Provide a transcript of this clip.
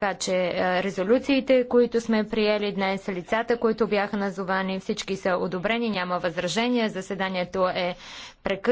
Така че е, резолюциите, които сме приели днес, лицата, които бяха назовани, всички са одобрени, няма възражения, заседанието е прекъснато.